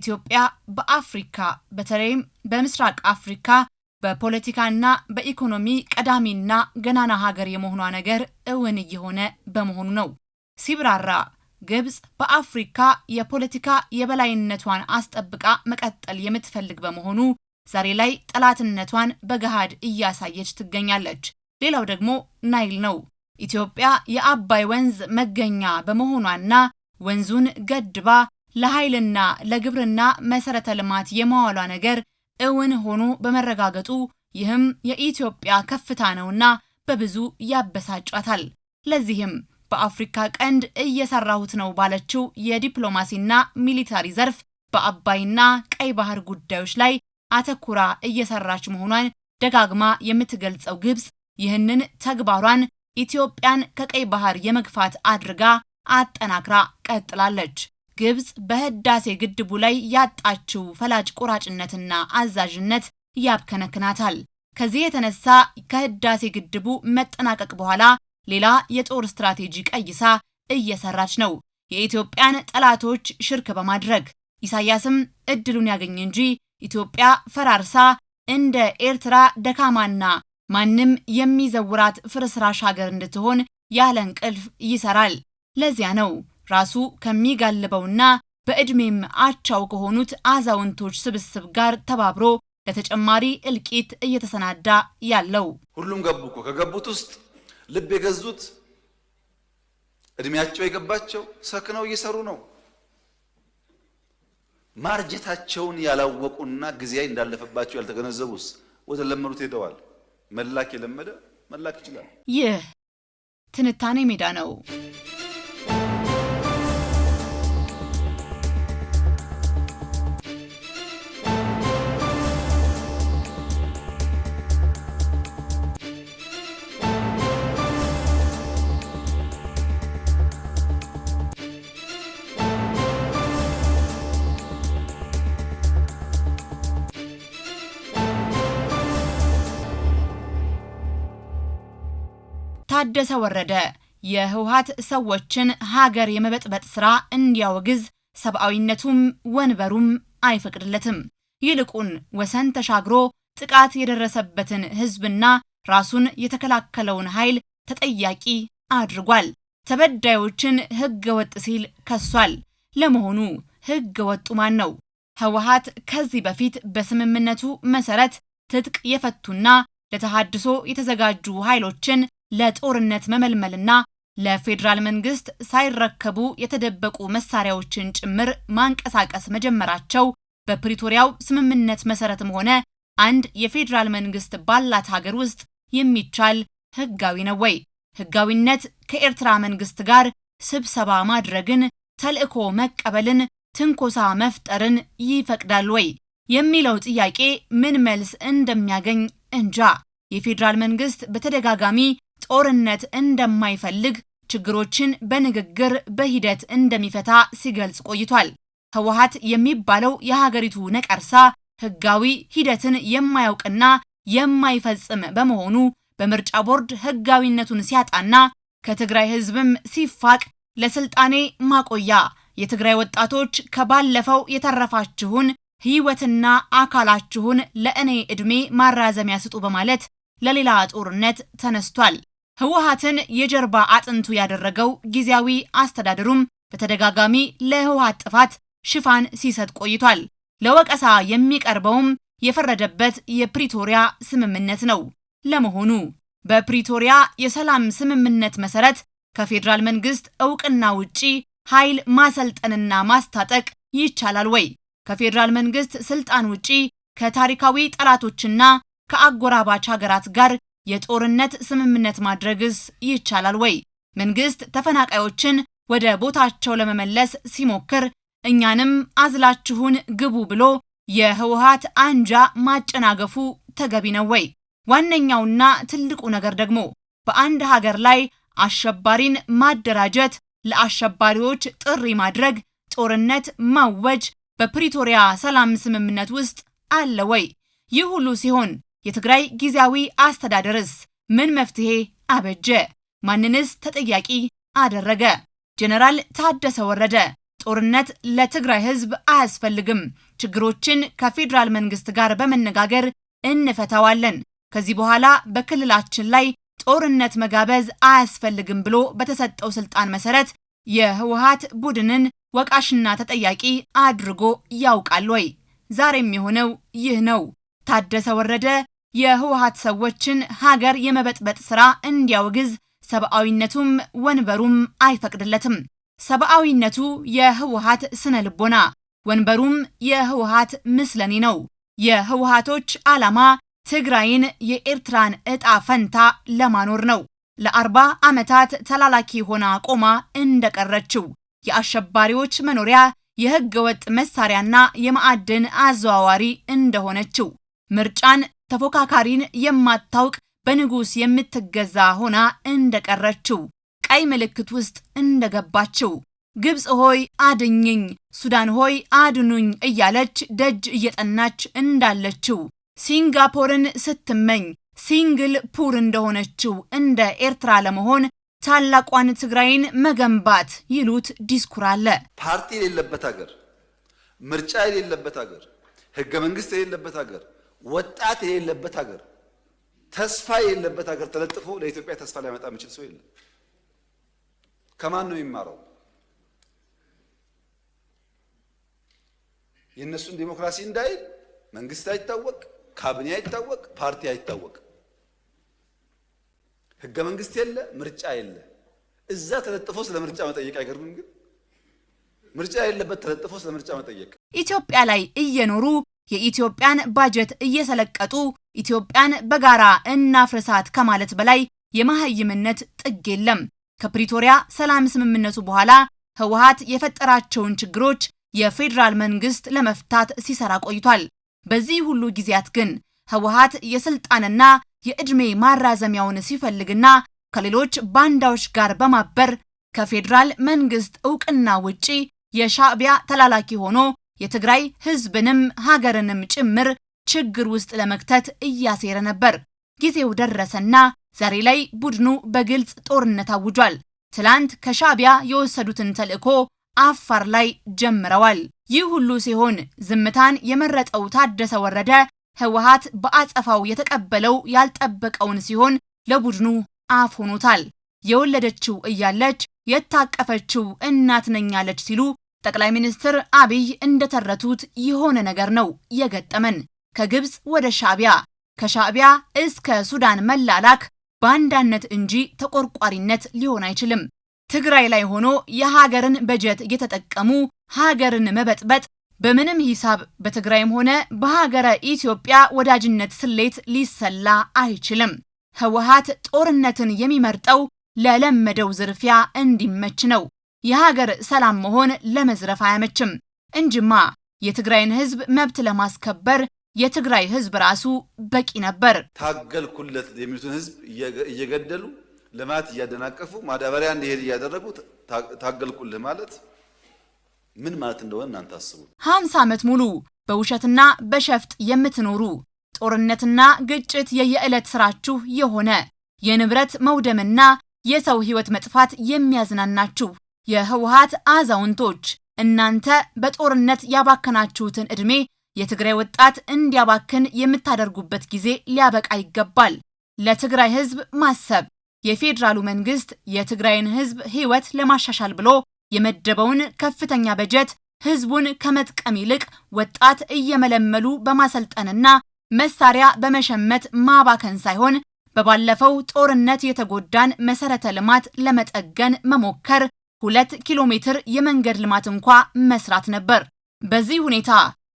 ኢትዮጵያ በአፍሪካ በተለይም በምስራቅ አፍሪካ በፖለቲካና በኢኮኖሚ ቀዳሚና ገናና ሀገር የመሆኗ ነገር እውን እየሆነ በመሆኑ ነው። ሲብራራ ግብፅ በአፍሪካ የፖለቲካ የበላይነቷን አስጠብቃ መቀጠል የምትፈልግ በመሆኑ ዛሬ ላይ ጠላትነቷን በገሃድ እያሳየች ትገኛለች። ሌላው ደግሞ ናይል ነው። ኢትዮጵያ የአባይ ወንዝ መገኛ በመሆኗና ወንዙን ገድባ ለኃይልና ለግብርና መሰረተ ልማት የማዋሏ ነገር እውን ሆኖ በመረጋገጡ ይህም የኢትዮጵያ ከፍታ ነውና በብዙ ያበሳጫታል። ለዚህም በአፍሪካ ቀንድ እየሰራሁት ነው ባለችው የዲፕሎማሲና ሚሊታሪ ዘርፍ በአባይና ቀይ ባህር ጉዳዮች ላይ አተኩራ እየሰራች መሆኗን ደጋግማ የምትገልጸው ግብፅ ይህንን ተግባሯን ኢትዮጵያን ከቀይ ባህር የመግፋት አድርጋ አጠናክራ ቀጥላለች። ግብጽ በህዳሴ ግድቡ ላይ ያጣችው ፈላጭ ቆራጭነትና አዛዥነት ያብከነክናታል። ከዚህ የተነሳ ከህዳሴ ግድቡ መጠናቀቅ በኋላ ሌላ የጦር ስትራቴጂ ቀይሳ እየሰራች ነው፣ የኢትዮጵያን ጠላቶች ሽርክ በማድረግ ኢሳያስም እድሉን ያገኝ እንጂ ኢትዮጵያ ፈራርሳ እንደ ኤርትራ ደካማና ማንም የሚዘውራት ፍርስራሽ ሀገር እንድትሆን ያለ እንቅልፍ ይሰራል። ለዚያ ነው ራሱ ከሚጋልበውና በዕድሜም አቻው ከሆኑት አዛውንቶች ስብስብ ጋር ተባብሮ ለተጨማሪ እልቂት እየተሰናዳ ያለው። ሁሉም ገቡ እኮ። ከገቡት ውስጥ ልብ የገዙት እድሜያቸው የገባቸው ሰክነው እየሰሩ ነው። ማርጀታቸውን ያላወቁና ጊዜ እንዳለፈባቸው ያልተገነዘቡስ ወደ ለመዱት ሄደዋል። መላክ የለመደ መላክ ይችላል። ይህ ትንታኔ ሜዳ ነው። ታደሰ ወረደ የህውሃት ሰዎችን ሀገር የመበጥበጥ ስራ እንዲያወግዝ ሰብአዊነቱም ወንበሩም አይፈቅድለትም። ይልቁን ወሰን ተሻግሮ ጥቃት የደረሰበትን ህዝብና ራሱን የተከላከለውን ኃይል ተጠያቂ አድርጓል። ተበዳዮችን ህገ ወጥ ሲል ከሷል። ለመሆኑ ህገ ወጡ ማን ነው? ህወሀት ከዚህ በፊት በስምምነቱ መሰረት ትጥቅ የፈቱና ለተሃድሶ የተዘጋጁ ኃይሎችን ለጦርነት መመልመልና ለፌዴራል መንግስት ሳይረከቡ የተደበቁ መሳሪያዎችን ጭምር ማንቀሳቀስ መጀመራቸው በፕሪቶሪያው ስምምነት መሰረትም ሆነ አንድ የፌዴራል መንግስት ባላት ሀገር ውስጥ የሚቻል ህጋዊ ነው ወይ? ህጋዊነት ከኤርትራ መንግስት ጋር ስብሰባ ማድረግን፣ ተልእኮ መቀበልን፣ ትንኮሳ መፍጠርን ይፈቅዳል ወይ የሚለው ጥያቄ ምን መልስ እንደሚያገኝ እንጃ። የፌዴራል መንግስት በተደጋጋሚ ጦርነት እንደማይፈልግ፣ ችግሮችን በንግግር በሂደት እንደሚፈታ ሲገልጽ ቆይቷል። ህወሓት የሚባለው የሀገሪቱ ነቀርሳ ህጋዊ ሂደትን የማያውቅና የማይፈጽም በመሆኑ በምርጫ ቦርድ ህጋዊነቱን ሲያጣና ከትግራይ ህዝብም ሲፋቅ ለስልጣኔ ማቆያ የትግራይ ወጣቶች ከባለፈው የተረፋችሁን ህይወትና አካላችሁን ለእኔ ዕድሜ ማራዘሚያ ስጡ በማለት ለሌላ ጦርነት ተነስቷል። ህወሀትን የጀርባ አጥንቱ ያደረገው ጊዜያዊ አስተዳደሩም በተደጋጋሚ ለህወሀት ጥፋት ሽፋን ሲሰጥ ቆይቷል። ለወቀሳ የሚቀርበውም የፈረደበት የፕሪቶሪያ ስምምነት ነው። ለመሆኑ በፕሪቶሪያ የሰላም ስምምነት መሰረት ከፌዴራል መንግስት እውቅና ውጪ ኃይል ማሰልጠንና ማስታጠቅ ይቻላል ወይ? ከፌዴራል መንግስት ስልጣን ውጪ ከታሪካዊ ጠላቶችና ከአጎራባች ሀገራት ጋር የጦርነት ስምምነት ማድረግስ ይቻላል ወይ? መንግስት ተፈናቃዮችን ወደ ቦታቸው ለመመለስ ሲሞክር እኛንም አዝላችሁን ግቡ ብሎ የህወሓት አንጃ ማጨናገፉ ተገቢ ነው ወይ? ዋነኛውና ትልቁ ነገር ደግሞ በአንድ ሀገር ላይ አሸባሪን ማደራጀት፣ ለአሸባሪዎች ጥሪ ማድረግ፣ ጦርነት ማወጅ በፕሪቶሪያ ሰላም ስምምነት ውስጥ አለ ወይ? ይህ ሁሉ ሲሆን የትግራይ ጊዜያዊ አስተዳደርስ ምን መፍትሄ አበጀ? ማንንስ ተጠያቂ አደረገ? ጀነራል ታደሰ ወረደ ጦርነት ለትግራይ ህዝብ አያስፈልግም፣ ችግሮችን ከፌዴራል መንግስት ጋር በመነጋገር እንፈታዋለን፣ ከዚህ በኋላ በክልላችን ላይ ጦርነት መጋበዝ አያስፈልግም ብሎ በተሰጠው ስልጣን መሰረት የህወሓት ቡድንን ወቃሽና ተጠያቂ አድርጎ ያውቃል ወይ? ዛሬም የሆነው ይህ ነው። ታደሰ ወረደ የህወሀት ሰዎችን ሀገር የመበጥበጥ ስራ እንዲያውግዝ ሰብአዊነቱም ወንበሩም አይፈቅድለትም። ሰብአዊነቱ የህወሀት ስነ ልቦና፣ ወንበሩም የህወሀት ምስለኔ ነው። የህወሀቶች ዓላማ ትግራይን የኤርትራን ዕጣ ፈንታ ለማኖር ነው። ለአርባ ዓመታት ተላላኪ ሆና ቆማ እንደቀረችው የአሸባሪዎች መኖሪያ የህገ ወጥ መሳሪያና የማዕድን አዘዋዋሪ እንደሆነችው ምርጫን ተፎካካሪን የማታውቅ በንጉሥ የምትገዛ ሆና እንደቀረችው ቀይ ምልክት ውስጥ እንደገባችው ግብፅ ሆይ አድኝኝ፣ ሱዳን ሆይ አድኑኝ እያለች ደጅ እየጠናች እንዳለችው ሲንጋፖርን ስትመኝ ሲንግል ፑር እንደሆነችው እንደ ኤርትራ ለመሆን ታላቋን ትግራይን መገንባት ይሉት ዲስኩር አለ። ፓርቲ የሌለበት ሀገር፣ ምርጫ የሌለበት ሀገር፣ ህገ መንግስት የሌለበት ሀገር ወጣት የሌለበት ሀገር፣ ተስፋ የሌለበት ሀገር ተለጥፎ ለኢትዮጵያ ተስፋ ሊያመጣ የሚችል ሰው የለም። ከማን ነው የሚማረው? የእነሱን ዲሞክራሲ እንዳይል መንግስት አይታወቅ፣ ካቢኔ አይታወቅ፣ ፓርቲ አይታወቅ፣ ህገ መንግስት የለ፣ ምርጫ የለ። እዛ ተለጥፎ ስለ ምርጫ መጠየቅ አይገርምም? ግን ምርጫ የለበት ተለጥፎ ስለ ምርጫ መጠየቅ ኢትዮጵያ ላይ እየኖሩ የኢትዮጵያን ባጀት እየሰለቀጡ ኢትዮጵያን በጋራ እናፍርሳት ከማለት በላይ የማህይምነት ጥግ የለም። ከፕሪቶሪያ ሰላም ስምምነቱ በኋላ ህወሀት የፈጠራቸውን ችግሮች የፌዴራል መንግስት ለመፍታት ሲሰራ ቆይቷል። በዚህ ሁሉ ጊዜያት ግን ህወሀት የስልጣንና የዕድሜ ማራዘሚያውን ሲፈልግና ከሌሎች ባንዳዎች ጋር በማበር ከፌዴራል መንግስት እውቅና ውጪ የሻዕቢያ ተላላኪ ሆኖ የትግራይ ህዝብንም ሀገርንም ጭምር ችግር ውስጥ ለመክተት እያሴረ ነበር። ጊዜው ደረሰና ዛሬ ላይ ቡድኑ በግልጽ ጦርነት አውጇል። ትላንት ከሻቢያ የወሰዱትን ተልዕኮ አፋር ላይ ጀምረዋል። ይህ ሁሉ ሲሆን ዝምታን የመረጠው ታደሰ ወረደ ህወሀት በአጸፋው የተቀበለው ያልጠበቀውን ሲሆን ለቡድኑ አፍ ሆኖታል። የወለደችው እያለች የታቀፈችው እናት ነኝ አለች ሲሉ ጠቅላይ ሚኒስትር አብይ እንደተረቱት የሆነ ነገር ነው የገጠመን። ከግብፅ ወደ ሻዕቢያ፣ ከሻዕቢያ እስከ ሱዳን መላላክ ባንዳነት እንጂ ተቆርቋሪነት ሊሆን አይችልም። ትግራይ ላይ ሆኖ የሀገርን በጀት እየተጠቀሙ ሀገርን መበጥበጥ በምንም ሂሳብ በትግራይም ሆነ በሀገረ ኢትዮጵያ ወዳጅነት ስሌት ሊሰላ አይችልም። ህወሓት ጦርነትን የሚመርጠው ለለመደው ዝርፊያ እንዲመች ነው። የሀገር ሰላም መሆን ለመዝረፍ አያመችም እንጂማ የትግራይን ህዝብ መብት ለማስከበር የትግራይ ህዝብ ራሱ በቂ ነበር። ታገልኩለት የሚሉትን ህዝብ እየገደሉ ልማት እያደናቀፉ ማዳበሪያ እንዲሄድ እያደረጉ ታገልኩልህ ማለት ምን ማለት እንደሆነ እናንተ አስቡ። ሀምሳ ዓመት ሙሉ በውሸትና በሸፍጥ የምትኖሩ ጦርነትና ግጭት የየዕለት ስራችሁ የሆነ የንብረት መውደምና የሰው ህይወት መጥፋት የሚያዝናናችሁ የህወሀት አዛውንቶች እናንተ በጦርነት ያባከናችሁትን ዕድሜ የትግራይ ወጣት እንዲያባክን የምታደርጉበት ጊዜ ሊያበቃ ይገባል። ለትግራይ ህዝብ ማሰብ የፌዴራሉ መንግስት የትግራይን ህዝብ ህይወት ለማሻሻል ብሎ የመደበውን ከፍተኛ በጀት ህዝቡን ከመጥቀም ይልቅ ወጣት እየመለመሉ በማሰልጠንና መሳሪያ በመሸመት ማባከን ሳይሆን በባለፈው ጦርነት የተጎዳን መሰረተ ልማት ለመጠገን መሞከር ሁለት ኪሎ ሜትር የመንገድ ልማት እንኳ መስራት ነበር። በዚህ ሁኔታ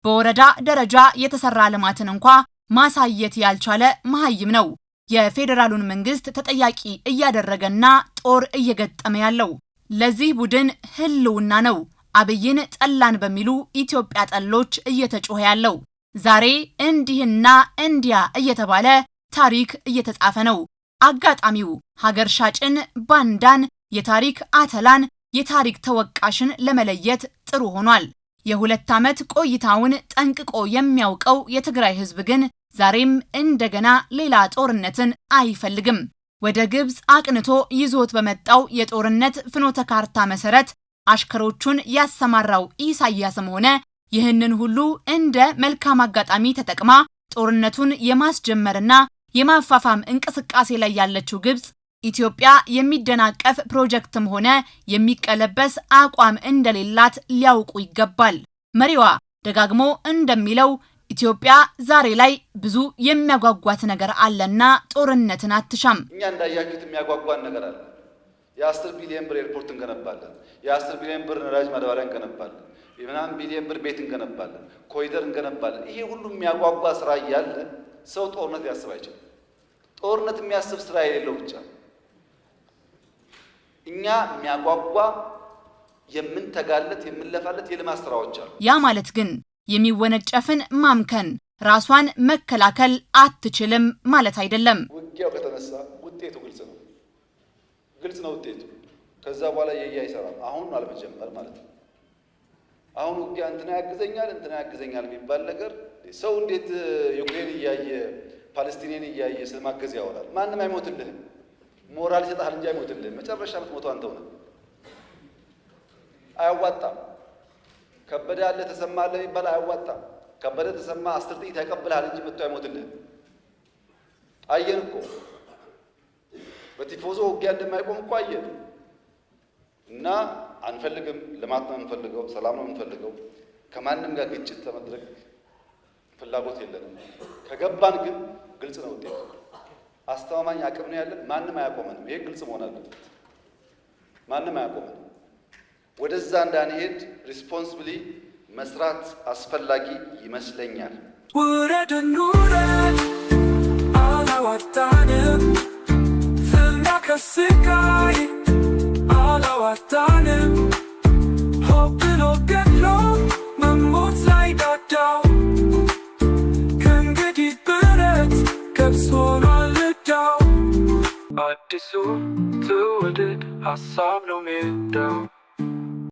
በወረዳ ደረጃ የተሰራ ልማትን እንኳ ማሳየት ያልቻለ መሀይም ነው የፌዴራሉን መንግስት ተጠያቂ እያደረገና ጦር እየገጠመ ያለው። ለዚህ ቡድን ህልውና ነው አብይን ጠላን በሚሉ ኢትዮጵያ ጠሎች እየተጮኸ ያለው። ዛሬ እንዲህና እንዲያ እየተባለ ታሪክ እየተጻፈ ነው። አጋጣሚው ሀገር ሻጭን ባንዳን የታሪክ አተላን የታሪክ ተወቃሽን ለመለየት ጥሩ ሆኗል። የሁለት ዓመት ቆይታውን ጠንቅቆ የሚያውቀው የትግራይ ሕዝብ ግን ዛሬም እንደገና ሌላ ጦርነትን አይፈልግም። ወደ ግብፅ አቅንቶ ይዞት በመጣው የጦርነት ፍኖተ ካርታ መሰረት አሽከሮቹን ያሰማራው ኢሳያስም ሆነ ይህንን ሁሉ እንደ መልካም አጋጣሚ ተጠቅማ ጦርነቱን የማስጀመርና የማፋፋም እንቅስቃሴ ላይ ያለችው ግብፅ ኢትዮጵያ የሚደናቀፍ ፕሮጀክትም ሆነ የሚቀለበስ አቋም እንደሌላት ሊያውቁ ይገባል። መሪዋ ደጋግሞ እንደሚለው ኢትዮጵያ ዛሬ ላይ ብዙ የሚያጓጓት ነገር አለና ጦርነትን አትሻም። እኛ እንዳያችሁት የሚያጓጓን ነገር አለ። የአስር ቢሊዮን ብር ኤርፖርት እንገነባለን። የአስር ቢሊዮን ብር ነዳጅ ማዳበሪያ እንገነባለን። ምናምን ቢሊዮን ብር ቤት እንገነባለን፣ ኮሪደር እንገነባለን። ይሄ ሁሉ የሚያጓጓ ስራ እያለ ሰው ጦርነት ሊያስብ አይችልም። ጦርነት የሚያስብ ስራ የሌለው ብቻ ነው። እኛ የሚያጓጓ የምንተጋለት የምንለፋለት የልማት ስራዎች አሉ። ያ ማለት ግን የሚወነጨፍን ማምከን ራሷን መከላከል አትችልም ማለት አይደለም። ውጊያው ከተነሳ ውጤቱ ግልጽ ነው፣ ግልጽ ነው ውጤቱ። ከዛ በኋላ የየ አይሰራም። አሁን አለመጀመር ማለት ነው። አሁን ውጊያ እንትና ያግዘኛል፣ እንትና ያግዘኛል የሚባል ነገር ሰው እንዴት ዩክሬን እያየ ፓለስቲኔን እያየ ስለማገዝ ያወራል? ማንም አይሞትልህም። ሞራል ይሰጣል እንጂ አይሞትልህም። መጨረሻ የምትሞተው አንተው ነው። አያዋጣም። ከበደ ያለ ተሰማ አለ የሚባል አያዋጣም። ከበደ ተሰማ አስር ጥይት ያቀብልሃል እንጂ መጥቶ አይሞትልህም። አየን እኮ በቲፎዞ ውጊያ እንደማይቆም እኮ አየን። እና አንፈልግም። ልማት ነው የምንፈልገው፣ ሰላም ነው የምንፈልገው። ከማንም ጋር ግጭት ለመድረግ ፍላጎት የለንም። ከገባን ግን ግልጽ ነው ውጤቱ። አስተማማኝ አቅም ነው ያለን። ማንም አያቆመንም። ይሄ ግልጽ መሆን አለበት። ማንም አያቆመንም። ወደዛ እንዳንሄድ ሪስፖንስብሊ መስራት አስፈላጊ ይመስለኛል። ውረድ ኑረድ